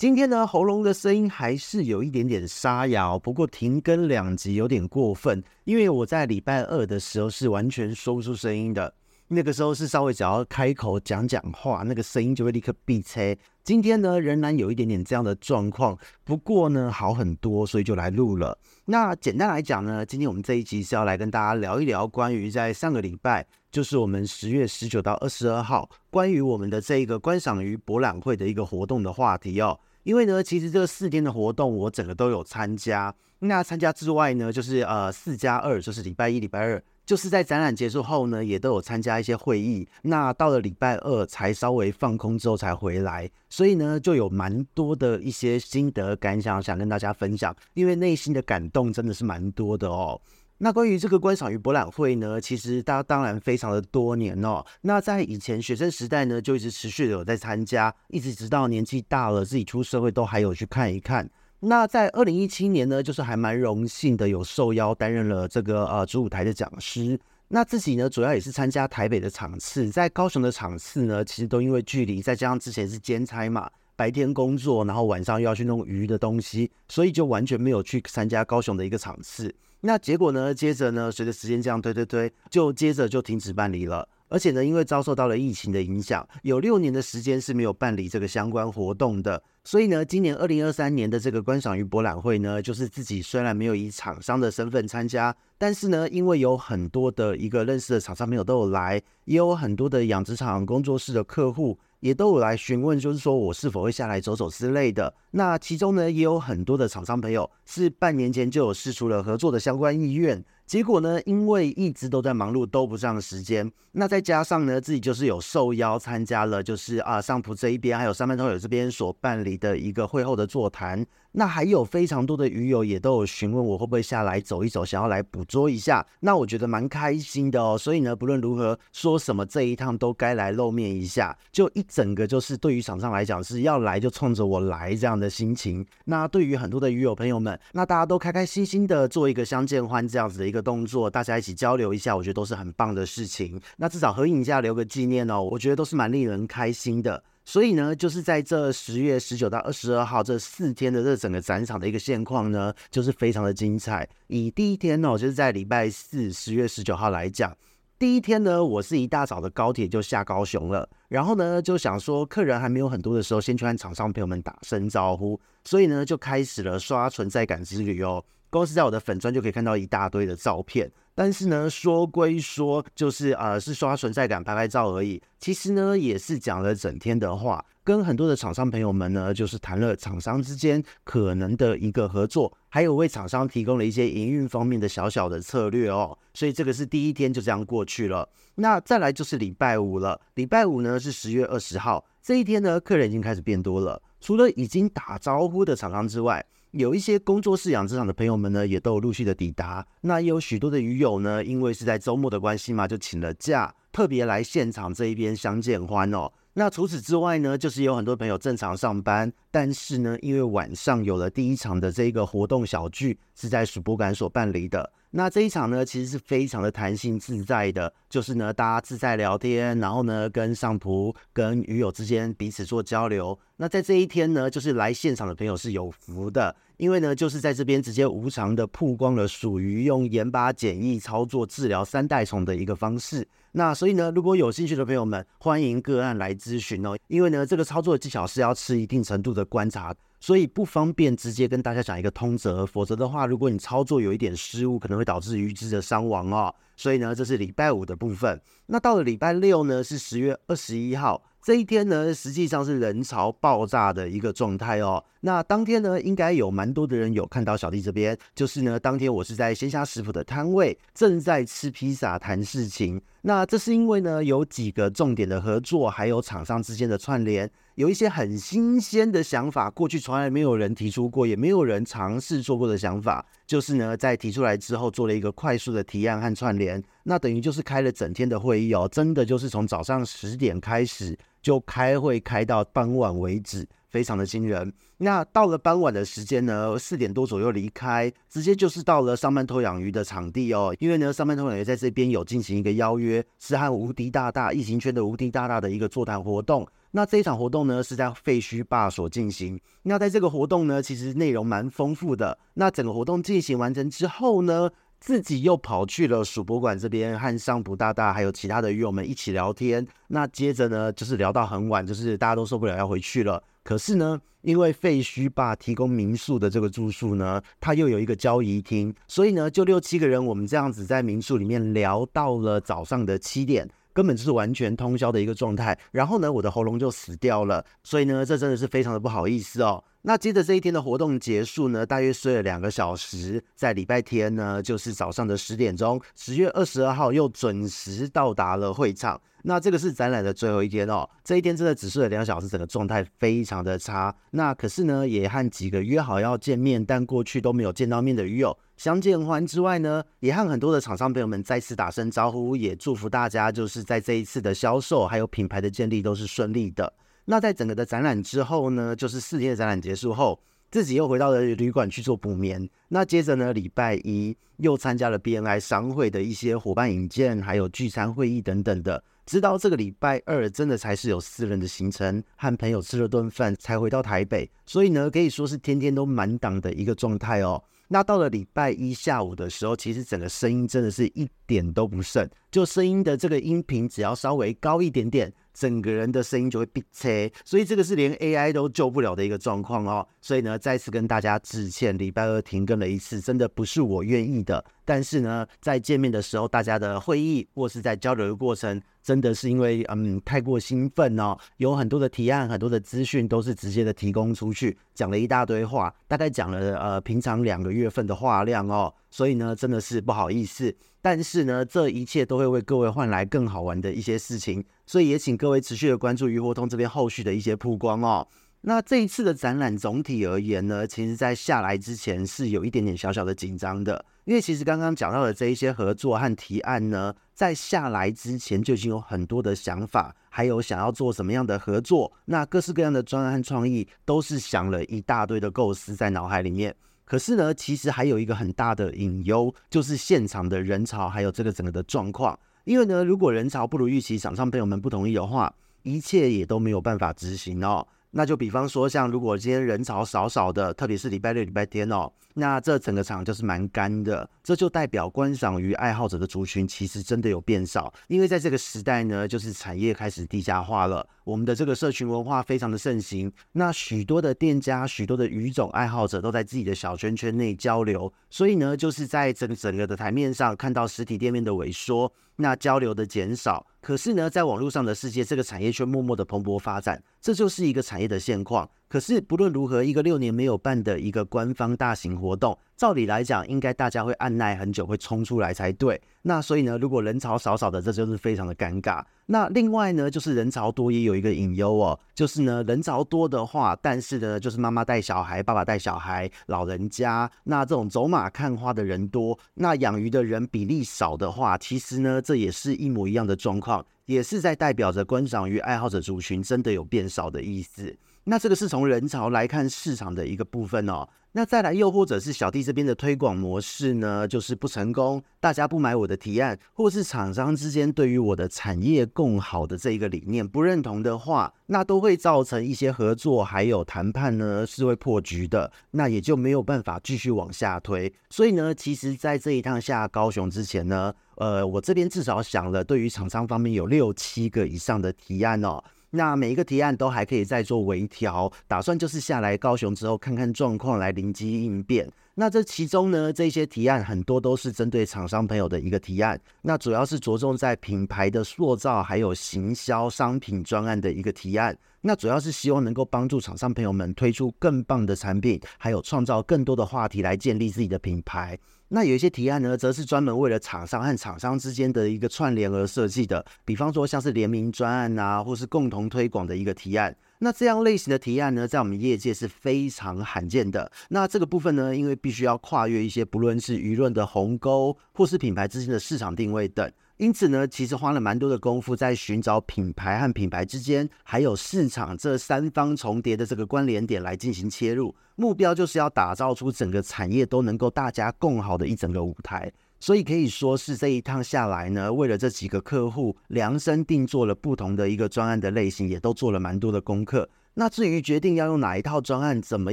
今天呢，喉嚨的聲音還是有一點點沙啞哦，不過停更兩集有點過分，因為我在禮拜二的時候是完全說不出聲音的，那個時候是稍微只要開口講講話，那個聲音就會立刻變差。今天呢，仍然有一點點這樣的狀況，不過呢，好很多，所以就來錄了。那簡單來講呢，今天我們這一集是要來跟大家聊一聊關於在上個禮拜，就是我們十月十九到二十二號關於我們的這一個觀賞魚博覽會的一個活動的話題哦。因為呢，其實這四天的活動我整個都有參加。那參加之外呢，就是呃四加二，就是禮拜一、禮拜二，就是在展覽結束後呢，也都有參加一些會議。那到了禮拜二才稍微放空之後才回來，所以呢，就有蠻多的一些心得感想想跟大家分享。因為內心的感動真的是蠻多的哦。那關於這個觀賞魚博覽會呢，其實大家當然非常的多年哦、喔。那在以前學生時代呢，就一直持續的有在參加，一直直到年紀大了，自己出社會都還有去看一看。那在二零一七年呢，就是還蠻榮幸的，有受邀擔任了這個呃主舞台的講師。那自己呢，主要也是參加台北的場次，在高雄的場次呢，其實都因為距離，再加上之前是兼差嘛，白天工作，然後晚上又要去弄魚的東西，所以就完全沒有去參加高雄的一個場次。那結果呢，接着呢，隨着時間這樣推推推，就接着就停止辦理了。而且呢，因為遭受到了疫情的影響，有六年的時間是沒有辦理這個相關活動的。所以呢，今年二零二三年的這個觀賞魚博覽會呢，就是自己雖然沒有以廠商的身份參加，但是呢，因為有很多的一個認識的廠商朋友都有來，也有很多的養殖場工作室的客戶。也都有來詢問，就是說我是否會下來走走之類的。那其中呢，也有很多的廠商朋友是半年前就有釋出了合作的相關意願。結果呢，因為一直都在忙碌，都不上時間。那再加上呢，自己就是有受邀參加了，就是啊，上普這一邊還有三班同友這邊所辦理的一個會後的座談。那還有非常多的魚友也都有詢問我會不會下來走一走，想要來捕捉一下。那我覺得蠻開心的哦。所以呢，不論如何，說什麼這一趟都該來露面一下。就一整個就是對於場上來講是要來就衝着我來這樣的心情。那對於很多的魚友朋友們，那大家都開開心心的做一個相見歡這樣子的一個動作，大家一起交流一下，我覺得都是很棒的事情。那至少合影一下留個紀念哦，我覺得都是蠻令人開心的。所以呢，就是在這十月十九到二十二號這四天的這整個展場的一個現況呢，就是非常的精彩。以第一天呢、哦，就是在禮拜四十月十九號來講，第一天呢，我是一大早的高鐵就下高雄了，然後呢就想說客人還沒有很多的時候，先去跟廠商朋友們打聲招呼，所以呢就開始了刷存在感之旅哦。公司在我的粉專就可以看到一大堆的照片，但是呢，說歸說，就是呃，是刷存在感、拍拍照而已。其實呢，也是講了整天的話，跟很多的廠商朋友們呢，就是談了廠商之間可能的一個合作，還有為廠商提供了一些營運方面的小小的策略哦。所以這個是第一天就這樣過去了。那再來就是禮拜五了，禮拜五呢是十月二十號，這一天呢，客人已經開始變多了，除了已經打招呼的廠商之外。有一些工作室養殖場的朋友們呢，也都有陸續的抵達。那也有許多的魚友呢，因為是在周末的關係嘛，就請了假，特別來現場這一邊相見歡哦。那除此之外呢，就是有很多朋友正常上班，但是呢，因為晚上有了第一場的這個活動小聚，是在水博館所辦理的。那這一場呢，其實是非常的彈性自在的，就是呢，大家自在聊天，然後呢，跟上鋪、跟魚友之間彼此做交流。那在這一天呢，就是來現場的朋友是有福的，因為呢，就是在這邊直接無償的曝光了屬於用鹽巴簡易操作治療三代蟲的一個方式。那所以呢，如果有興趣的朋友們，歡迎個案來諮詢哦，因為呢，這個操作的技巧是要吃一定程度的觀察。所以不方便直接跟大家講一個通則，否則的話，如果你操作有一點失誤，可能會導致魚隻的傷亡哦。所以呢，這是禮拜五的部分。那到了禮拜六呢，是十月二十一號。這一天呢，實際上是人潮爆炸的一個狀態哦。那當天呢，應該有蠻多的人有看到小弟這邊。就是呢，當天我是在鮮蝦食府的攤位，正在吃披薩談事情。那這是因為呢，有幾個重點的合作，還有廠商之間的串聯，有一些很新鮮的想法，過去從來沒有人提出過，也沒有人嘗試做過的想法。就是呢，在提出來之後做了一個快速的提案和串聯，那等於就是開了整天的會議哦，真的就是從早上十點開始就開會開到傍晚為止，非常的驚人。那到了傍晚的時間呢，四點多左右離開，直接就是到了上班族養魚的場地哦，因為呢，上班族養魚在這邊有進行一個邀約，是和無敵大大、異形圈的無敵大大的一個座談活動。那這一場活動呢，是在廢墟壩所進行。那在這個活動呢，其實內容蠻豐富的。那整個活動進行完成之後呢，自己又跑去了蜀博館這邊，和上博大大還有其他的魚友們一起聊天。那接着呢，就是聊到很晚，就是大家都受不了要回去了。可是呢，因為廢墟壩提供民宿的這個住宿呢，它又有一個交誼廳，所以呢，就六七個人我們這樣子在民宿裡面聊到了早上的七點。根本就是完全通宵的一個狀態，然後呢，我的喉嚨就死掉了，所以呢，這真的是非常的不好意思哦。那接着這一天的活動結束呢，大約睡了兩個小時，在禮拜天呢，就是早上的十點鐘，十月二十二號又準時到達了會場。那這個是展覽的最後一天哦，這一天真的只睡了兩個小時，整個狀態非常的差。那可是呢，也和幾個約好要見面，但過去都沒有見到面的魚友。相見歡之外呢，也和很多的廠商朋友們再次打聲招呼，也祝福大家就是在這一次的銷售還有品牌的建立都是順利的。那在整個的展覽之後呢，就是四天的展覽結束後，自己又回到了旅館去做補眠。那接着呢，禮拜一又參加了 B N I 商會的一些伙伴引薦，還有聚餐會議等等的，直到這個禮拜二，真的才是有私人的行程，和朋友吃了頓飯才回到台北。所以呢，可以說是天天都滿檔的一個狀態哦。那到了禮拜一下午的時候，其實整個聲音真的是一點都不剩，就聲音的這個音頻只要稍微高一點點，整個人的聲音就會變差，所以這個是連 AI 都救不了的一個狀況哦。所以呢，再次跟大家致歉，禮拜二停更了一次，真的不是我願意的。但是呢，在見面的時候，大家的會議或是在交流的過程，真的是因為嗯太過興奮哦，有很多的提案、很多的資訊都是直接的提供出去，講了一大堆話，大概講了呃平常兩個月份的話量哦，所以呢真的是不好意思，但是呢這一切都會為各位換來更好玩的一些事情，所以也請各位持續的關注魚活通這邊後續的一些曝光哦。那這一次的展覽總體而言呢，其實，在下來之前是有一點點小小的緊張的，因為其實剛剛講到的這一些合作和提案呢，在下來之前就已經有很多的想法，還有想要做什麼樣的合作，那各式各樣的專案和創意都是想了一大堆的構思在腦海裡面。可是呢，其實還有一個很大的隱憂，就是現場的人潮還有這個整個的狀況，因為呢，如果人潮不如預期，廠商朋友們不同意的話，一切也都沒有辦法執行哦。那就比方說，像如果今天人潮少少的，特別是禮拜六、禮拜天哦，那這整個場就是蠻幹的，這就代表觀賞魚愛好者的族群其實真的有變少。因為在這個時代呢，就是產業開始低價化了，我們的這個社群文化非常的盛行，那許多的店家、許多的魚種愛好者都在自己的小圈圈內交流，所以呢，就是在整整個的檯面上看到實體店面的萎縮。那交流的減少，可是呢，在網絡上的世界，這個產業卻默默的蓬勃發展，這就是一個產業的現況。可是不論如何，一個六年沒有辦的一個官方大型活動，照理來講，應該大家會按耐很久，會衝出來才對。那所以呢，如果人潮少少的，這就是非常的尷尬。那另外呢，就是人潮多也有一個隱憂哦，就是呢人潮多的話，但是呢就是媽媽帶小孩、爸爸帶小孩、老人家，那這種走馬看花的人多，那養魚的人比例少的話，其實呢這也是一模一樣的狀況。也是在代表着觀賞魚愛好者族群真的有變少的意思，那這個是從人潮來看市場的一個部分哦。那再來，又或者是小弟這邊的推廣模式呢，就是不成功，大家不買我的提案，或是廠商之間對於我的產業共好的這一個理念不認同的話，那都會造成一些合作還有談判呢是會破局的，那也就沒有辦法繼續往下推。所以呢，其實，在這一趟下高雄之前呢，呃，我這邊至少想了對於廠商方面有六七個以上的提案哦。那每一個提案都還可以再做微調，打算就是下來高雄之後看看狀況來臨機應變。那這其中呢，這些提案很多都是針對廠商朋友的一個提案，那主要是着重在品牌的塑造，還有行銷商品專案的一個提案。那主要是希望能夠幫助廠商朋友們推出更棒的產品，還有創造更多的話題來建立自己的品牌。那有一些提案呢，則是專門為了廠商和廠商之間的一個串聯而設計的，比方說像是聯名專案啊，或是共同推廣的一個提案。那這樣類型的提案呢，在我們業界是非常罕見的。那這個部分呢，因為必須要跨越一些不論是輿論的鴻溝，或是品牌之間的市場定位等。因此呢，其實花了蠻多的功夫在尋找品牌和品牌之間，還有市場，這三方重疊的這個關聯點來進行切入。目標就是要打造出整個產業都能夠大家共好的一整個舞台。所以可以說是這一趟下來呢，為了這幾個客戶量身定做了不同的一個專案的類型，也都做了蠻多的功課。那至於決定要用哪一套專案，怎麼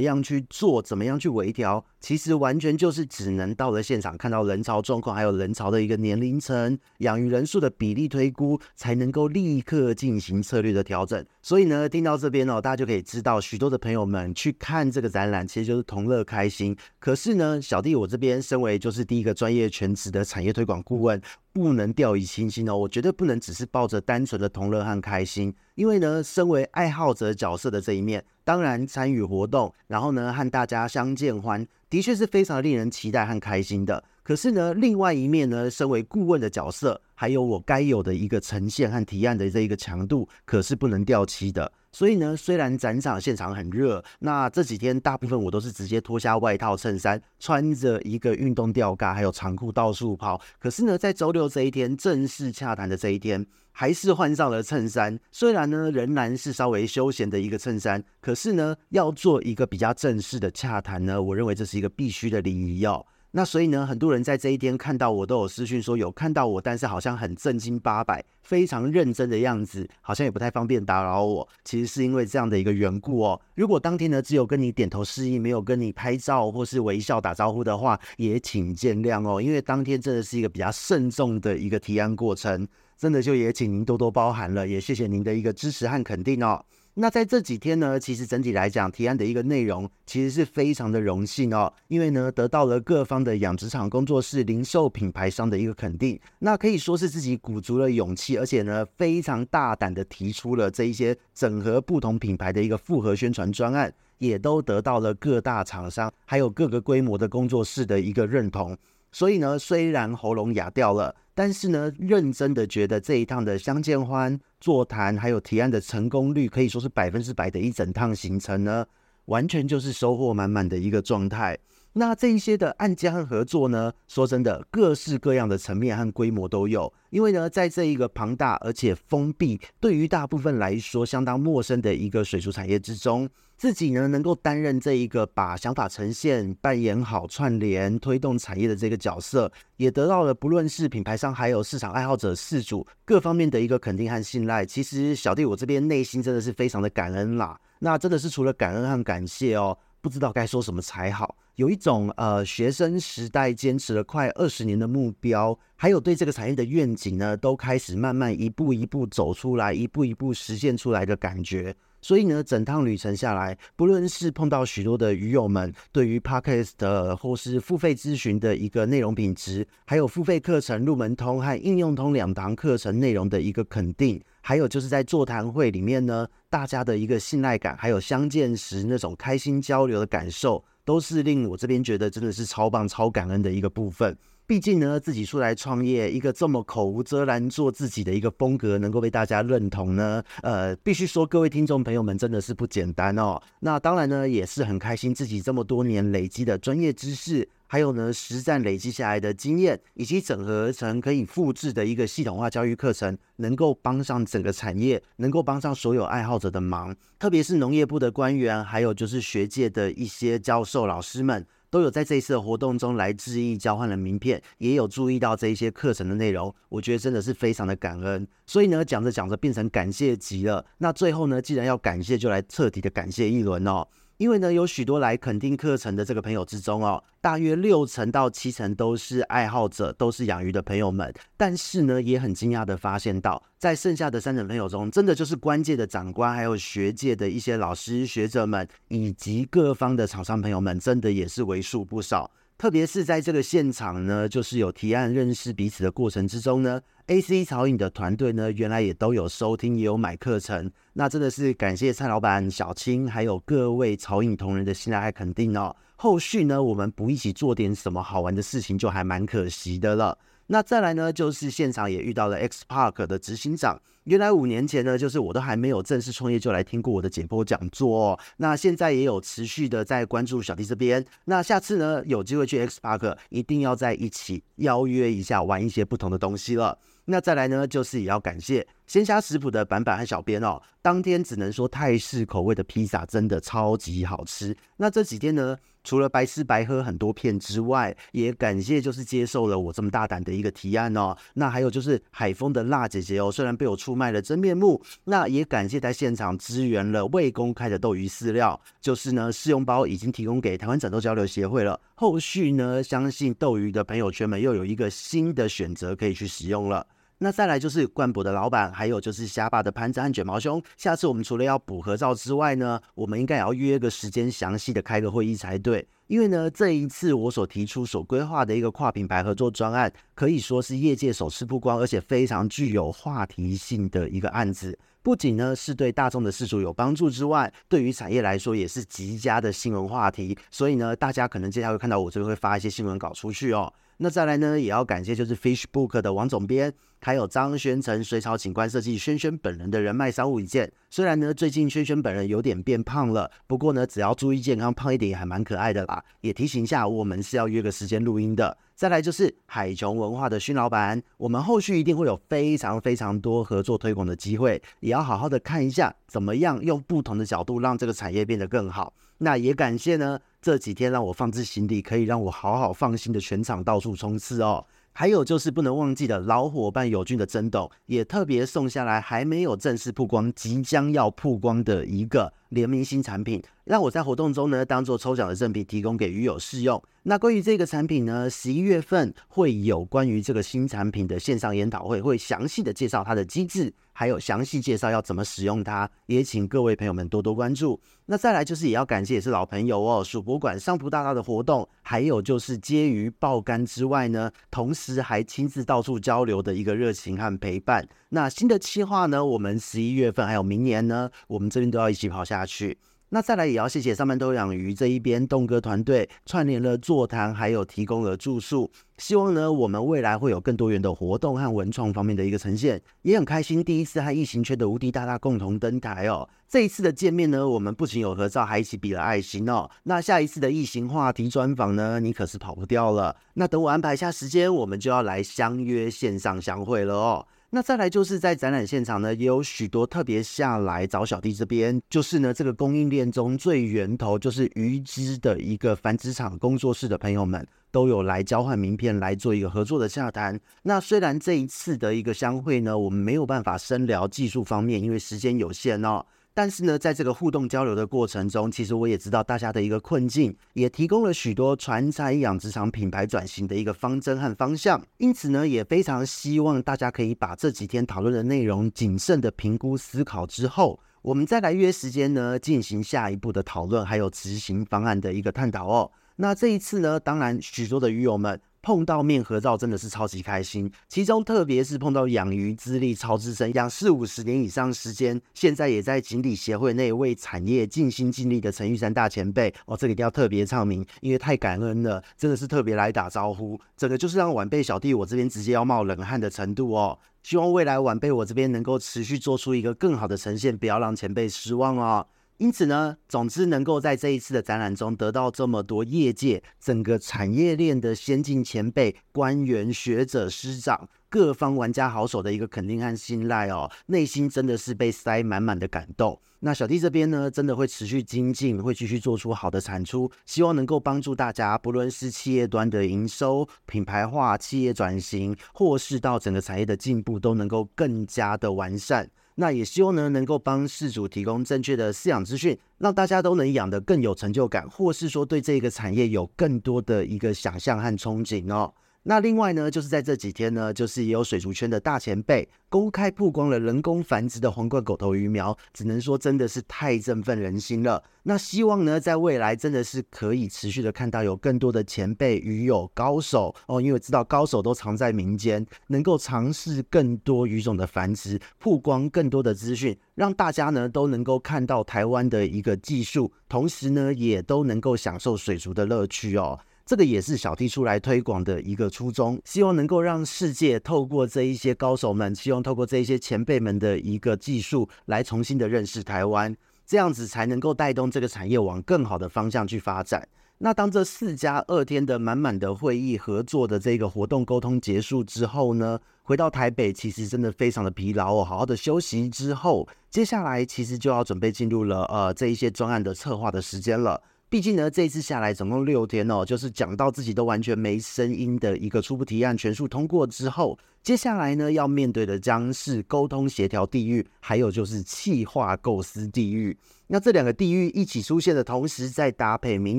樣去做，怎麼樣去微調。其實完全就是只能到了現場看到人潮狀況，還有人潮的一個年齡層、養魚人數的比例推估，才能夠立刻進行策略的調整。所以呢，聽到這邊哦，大家就可以知道，許多的朋友們去看這個展覽，其實就是同樂開心。可是呢，小弟我這邊身為就是第一個專業全職的產業推廣顧問，不能掉以輕心哦。我絕對不能只是抱着單純的同樂和開心，因為呢，身為愛好者角色的這一面，當然參與活動，然後呢，和大家相見歡。的確是非常令人期待和開心的，可是呢，另外一面呢，身為顧問的角色，還有我該有的一個呈現和提案的這一個強度，可是不能掉漆的。所以呢，雖然展場現場很熱，那這幾天大部分我都是直接脫下外套、襯衫，穿着一個運動吊嘎還有長褲到處跑。可是呢，在周六這一天正式洽談的這一天，還是換上了襯衫。雖然呢，仍然是稍微休閒的一個襯衫，可是呢，要做一個比較正式的洽談呢，我認為這是一個必須的禮儀哦。那所以呢，很多人在這一天看到我都有私訊說有看到我，但是好像很正經八百、非常認真的樣子，好像也不太方便打擾我。其實是因為這樣的一個緣故哦。如果當天呢，只有跟你點頭示意，沒有跟你拍照或是微笑打招呼的話，也請見諒哦。因為當天真的是一個比較慎重的一個提案過程，真的就也請您多多包涵了，也謝謝您的一個支持和肯定哦。那在這幾天呢，其實整體來講，提案的一個內容其實是非常的榮幸哦，因為呢，得到了各方的養殖場工作室、零售品牌商的一個肯定，那可以說是自己鼓足了勇氣，而且呢，非常大膽的提出了這一些整合不同品牌的一個複合宣傳專案，也都得到了各大廠商還有各個規模的工作室的一個認同，所以呢，雖然喉嚨啞掉了。但是呢，認真的覺得這一趟的相見歡座談還有提案的成功率，可以說是百分之百的，一整趟行程呢，完全就是收穫滿滿的一個狀態。那這一些的案件和合作呢，說真的，各式各樣的層面和規模都有。因為呢，在這一個龐大而且封閉、對於大部分來說相當陌生的一個水族產業之中，自己呢能夠擔任這一個把想法呈現、扮演好串聯、推動產業的這個角色，也得到了不論是品牌商還有市場愛好者、飼主各方面的一個肯定和信賴。其實小弟我這邊內心真的是非常的感恩啦。那真的是除了感恩和感謝哦，不知道該說什麼才好。有一種，呃，學生時代堅持了快二十年的目標，還有對這個產業的願景呢，都開始慢慢一步一步走出來，一步一步實現出來的感覺。所以呢，整趟旅程下來，不論是碰到許多的魚友們對於 Podcast 或是付費諮詢的一個內容品質，還有付費課程入門通和應用通兩堂課程內容的一個肯定。還有就是在座談會裡面呢，大家的一個信賴感，還有相見時那種開心交流的感受，都是令我這邊覺得真的是超棒，超感恩的一個部分。畢竟呢，自己出來創業，一個這麼口無遮攔做自己的一個風格，能夠被大家認同呢，呃，必須說各位聽眾朋友們真的是不簡單哦。那當然呢，也是很開心自己這麼多年累積的專業知識。還有呢，實戰累積下來的經驗，以及整合成可以複製的一個系統化教育課程，能夠幫上整個產業，能夠幫上所有愛好者的忙。特別是農業部的官員，還有就是學界的一些教授老師們，都有在這一次的活動中來致意交換了名片，也有注意到這一些課程的內容。我覺得真的是非常的感恩。所以呢，講着講着變成感謝集了。那最後呢，既然要感謝，就來徹底的感謝一輪哦。因為呢，有許多來肯定課程的這個朋友之中哦，大約六成到七成都是愛好者，都是養魚的朋友們。但是呢，也很驚訝的發現到，在剩下的三成朋友中，真的就是官界的長官，還有學界的一些老師、學者們，以及各方的廠商朋友們，真的也是為數不少。特別是在這個現場呢，就是有提案認識彼此的過程之中呢，AC 草影的團隊呢，原來也都有收聽，也有買課程，那真的是感謝蔡老闆、小青，還有各位草影同仁的信賴和肯定哦。後續呢，我們不一起做點什麼好玩的事情，就還蠻可惜的了。那再來呢，就是現場也遇到了 X Park 的執行長，原來五年前呢，就是我都還沒有正式創業就來聽過我的解剖講座，哦,那現在也有持續的在關注小弟這邊，那下次呢有機會去 X Park，一定要在一起邀約一下，玩一些不同的東西了。那再來呢，就是也要感謝。鮮蝦食譜的板板和小編哦，當天只能說泰式口味的披薩真的超級好吃。那這幾天呢，除了白吃白喝很多片之外，也感謝就是接受了我這麼大膽的一個提案哦。那還有就是海風的辣姐姐哦，雖然被我出賣了真面目，那也感謝在現場支援了未公開的鬥魚飼料，就是呢試用包已經提供給台灣展鬥交流協會了。後續呢，相信鬥魚的朋友圈們又有一個新的選擇可以去使用了。那再來就是冠博的老闆，還有就是蝦霸的潘子和捲毛兄。下次我們除了要補合照之外呢，我們應該也要約個時間，詳細的開個會議才對。因為呢，這一次我所提出、所規劃的一個跨品牌合作專案，可以說是業界首次曝光，而且非常具有話題性的一個案子。不僅呢是對大眾的飼主有幫助之外，對於產業來說也是極佳的新聞話題。所以呢，大家可能接下來會看到我這邊會發一些新聞稿出去哦。那再來呢，也要感謝就是 Fishbook 的王總編。還有張軒成水草景觀設計，軒軒本人的人脈商務一件。雖然呢，最近軒軒本人有點變胖了，不過呢，只要注意健康，胖一點也還蠻可愛的啦。也提醒一下，我們是要約個時間錄音的。再來就是海瓊文化的勳老板，我們後續一定會有非常非常多合作推廣的機會，也要好好的看一下怎麼樣用不同的角度讓這個產業變得更好。那也感謝呢，這幾天讓我放置行李，可以讓我好好放心的全場到處衝刺哦。還有就是不能忘記的老夥伴友軍的爭鬥，也特別送下來還沒有正式曝光，即將要曝光的一個聯名新產品，讓我在活動中呢當做抽獎的贈品提供給魚友試用。那關於這個產品呢，十一月份會有關於這個新產品的線上研討會，會詳細的介紹它的機制。還有詳細介紹要怎麼使用它，也請各位朋友們多多關注。那再來就是也要感謝也是老朋友哦，數博館上埔大大的活動，還有就是接魚爆肝之外呢，同時還親自到處交流的一個熱情和陪伴。那新的計劃呢，我們十一月份還有明年呢，我們這邊都要一起跑下去。那再來也要謝謝上半都養魚這一邊棟哥團隊串聯了座談，還有提供了住宿。希望呢，我們未來會有更多元的活動和文創方面的一個呈現。也很開心第一次和異形圈的無敵大大共同登台哦。這一次的見面呢，我們不僅有合照，還一起比了愛心哦。那下一次的異形話題專訪呢，你可是跑不掉了。那等我安排一下時間，我們就要來相約線上相會了哦。那再來就是在展覽現場呢，也有許多特別下來找小弟這邊，就是呢這個供應鏈中最源頭就是魚隻的一個繁殖場工作室的朋友們，都有來交換名片，來做一個合作的洽談。那雖然這一次的一個相會呢，我們沒有辦法深聊技術方面，因為時間有限哦。但是呢，在這個互動交流的過程中，其實我也知道大家的一個困境，也提供了許多傳產養殖廠品牌轉型的一個方針和方向。因此呢，也非常希望大家可以把這幾天討論的內容謹慎的評估思考之後，我們再來約時間呢進行下一步的討論，還有執行方案的一個探討哦。那這一次呢，當然許多的魚友們，碰到面合照真的是超級開心，其中特別是碰到養魚資歷超資深，養四五十年以上時間，現在也在錦鯉協會內為產業盡心盡力的陳玉山大前輩哦，這裡一定要特別唱名，因為太感恩了，真的是特別來打招呼，整個就是讓晚輩小弟我這邊直接要冒冷汗的程度哦，希望未來晚輩我這邊能夠持續做出一個更好的呈現，不要讓前輩失望哦。因此呢，總之能夠在這一次的展覽中得到這麼多業界整個產業鏈的先進前輩、官員、學者、師長、各方玩家好手的一個肯定和信賴哦，內心真的是被塞滿滿的感動。那小弟這邊呢，真的會持續精進，會繼續做出好的產出，希望能夠幫助大家，不論是企業端的營收、品牌化、企業轉型，或是到整個產業的進步，都能夠更加的完善。那也希望呢，能夠幫飼主提供正確的飼養資訊，讓大家都能養得更有成就感，或是說對這個產業有更多的一個想象和憧憬哦。那另外呢，就是在這幾天呢，就是也有水族圈的大前輩公開曝光了人工繁殖的皇冠狗頭魚苗，只能說真的是太振奮人心了。那希望呢，在未來真的是可以持續的看到有更多的前輩魚友高手哦，因為知道高手都藏在民間，能夠嘗試更多魚種的繁殖，曝光更多的資訊，讓大家呢都能夠看到台灣的一個技術，同時呢也都能夠享受水族的樂趣哦。這個也是小弟出來推廣的一個初衷，希望能夠讓世界透過這一些高手們，希望透過這一些前輩們的一個技術，來重新的認識台灣，這樣子才能夠帶動這個產業往更好的方向去發展。那當這四加二天的滿滿的會議合作的這個活動溝通結束之後呢，回到台北其實真的非常的疲勞哦，好好的休息之後，接下來其實就要準備進入了呃這一些專案的策劃的時間了。畢竟呢，這一次下來總共六天哦，就是講到自己都完全沒聲音的一個初步提案全數通過之後，接下來呢，要面對的將是溝通協調地獄，還有就是企劃構思地獄。那這兩個地獄一起出現的同時，再搭配明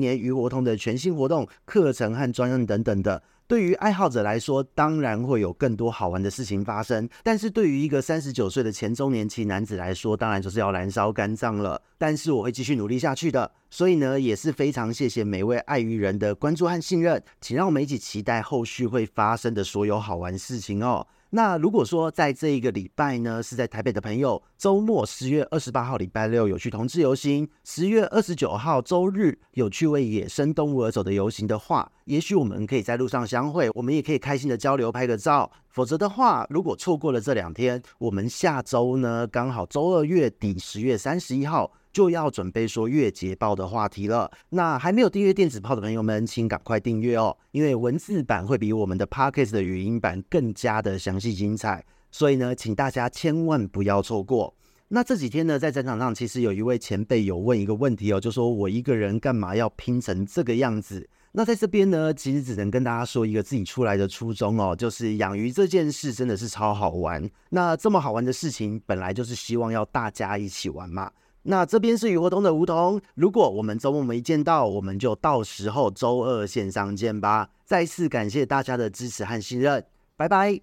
年魚活通的全新活動、課程和專案等等的。對於愛好者來說，當然會有更多好玩的事情發生。但是對於一個三十九歲的前中年期男子來說，當然就是要燃燒肝臟了。但是我會繼續努力下去的。所以呢，也是非常謝謝每位愛魚人的關注和信任，請讓我們一起期待後續會發生的所有好玩事情哦。那如果說在這一個禮拜呢，是在台北的朋友，周末十月二十八號禮拜六有去同志遊行，十月二十九號周日有去為野生動物而走的遊行的話，也許我們可以在路上相會，我們也可以開心的交流拍個照。否則的話，如果錯過了這兩天，我們下周呢，剛好周二月底十月三十一號。就要準備說月捷報的話題了。那還沒有訂閱電子報的朋友們，請趕快訂閱哦！因為文字版會比我們的 podcast 的語音版更加的詳細精彩，所以呢，請大家千萬不要錯過。那這幾天呢，在展場上，其實有一位前輩有問一個問題哦，就說我一個人幹嘛要拼成這個樣子？那在這邊呢，其實只能跟大家說一個自己出來的初衷哦，就是養魚這件事真的是超好玩。那這麼好玩的事情，本來就是希望要大家一起玩嘛。那這邊是魚活通的梧桐，如果我們周末沒見到，我們就到時候周二線上見吧。再次感謝大家的支持和信任，拜拜。